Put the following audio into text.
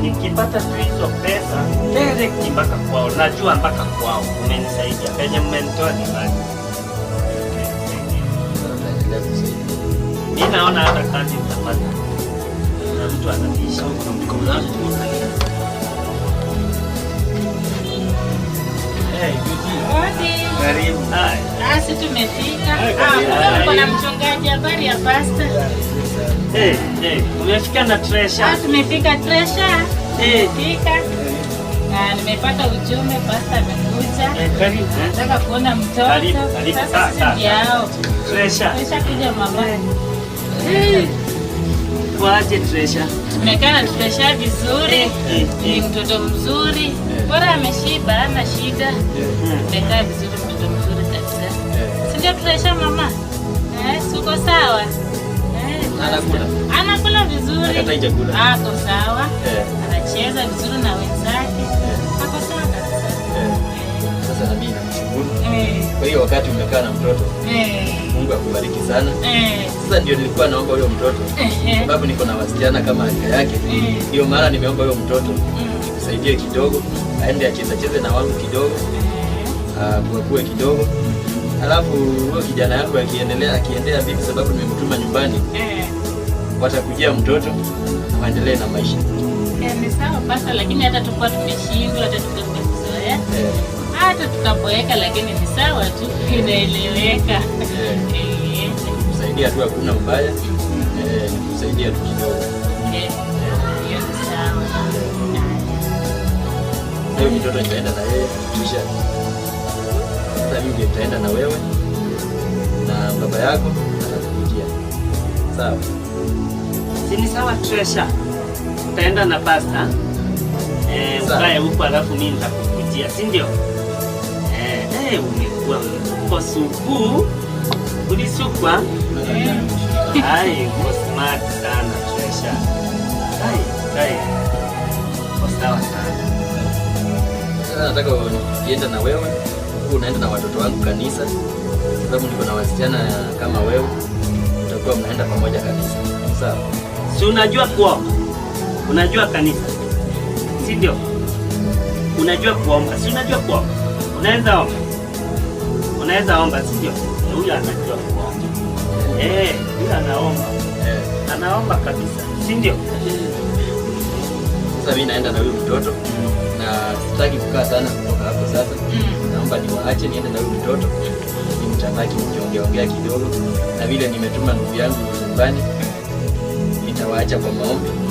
nikipata tu hizo pesa direct mpaka kwao, najua mpaka kwao. Umenisaidia penye mmenitoa ni bali, mimi naona hata kazi mtapata na mtu ananiisha basi. Tumefika ah, na mchungaji, habari ya pasta Eh, eh, umefika na treasure. Ah, tumefika treasure. fika. Eh. Na nimepata ujumbe pasta amekuja. Eh, karibu. Eh. Nataka kuona mtoto. Karibu, karibu. Sasa yao. Treasure. Treasure kuja mama. Eh. Waje Tumekaa na treasure vizuri. Ni mtoto mzuri. Bora ameshiba, hana shida. Tumekaa vizuri, mtoto mzuri kabisa. Sindio treasure mama? Eh, suko sawa anakula anakula vizuri, ah, ako sawa, eh. anacheza vizuri na wenzake, eh. ako sawa kabisa. Eh. Sasa na namshukuru. Kwa hiyo wakati umekaa na mtoto, Mungu akubariki sana. Sasa ndio nilikuwa naomba huyo mtoto, sababu niko na wasichana kama alika yake, hiyo mara nimeomba huyo mtoto mm. nisaidie kidogo, aende cheze na wangu kidogo, akuakue ah, kidogo mm. Alafu huyo kijana yangu akiendelea akiendea vipi, sababu nimemtuma nyumbani eh, watakujia mtoto waendelee na maisha eh, ni sawa basi, lakini hata tukua tumeshindwa hata tukazoea eh. hata tukapoeka, lakini ni sawa tu, eh. inaeleweka eh, eh. kusaidia tu hakuna mbaya eh, kusaidia tu kidogo eh, ni sawa. Leo mtoto nitaenda na yeye kisha sasa hivi itaenda na wewe na baba yako atakujia. Sawa? Sini sawa Tresha. Utaenda na pasta. Eh, ukae huko alafu mimi nitakukujia, si ndio? Eh, eh, umekuwa kwa suku. Ulisukwa? Ah? Ai, uko smart sana Tresha. Hai, hai. Sawa sana. Nataka niende na wewe sababu unaenda na watoto wangu kanisa, sababu niko na wasichana kama wewe, utakuwa mnaenda pamoja kanisa. Sawa? Si unajua kuomba, unajua kanisa, si ndio? Unajua kuomba, si unajua kuomba, unaweza omba, unaweza omba, si ndio? Huyo anajua kuomba, eh, huyo anaomba, eh. anaomba kabisa, si ndio? Eh sasa mimi naenda na huyu mtoto na sitaki kukaa sana kutoka hapo sasa. Mm. Naomba niwaache niende na huyu mtoto nimtabaki nikiongeaongea kidogo, na vile nimetuma ndugu yangu nyumbani, nitawaacha kwa maombi.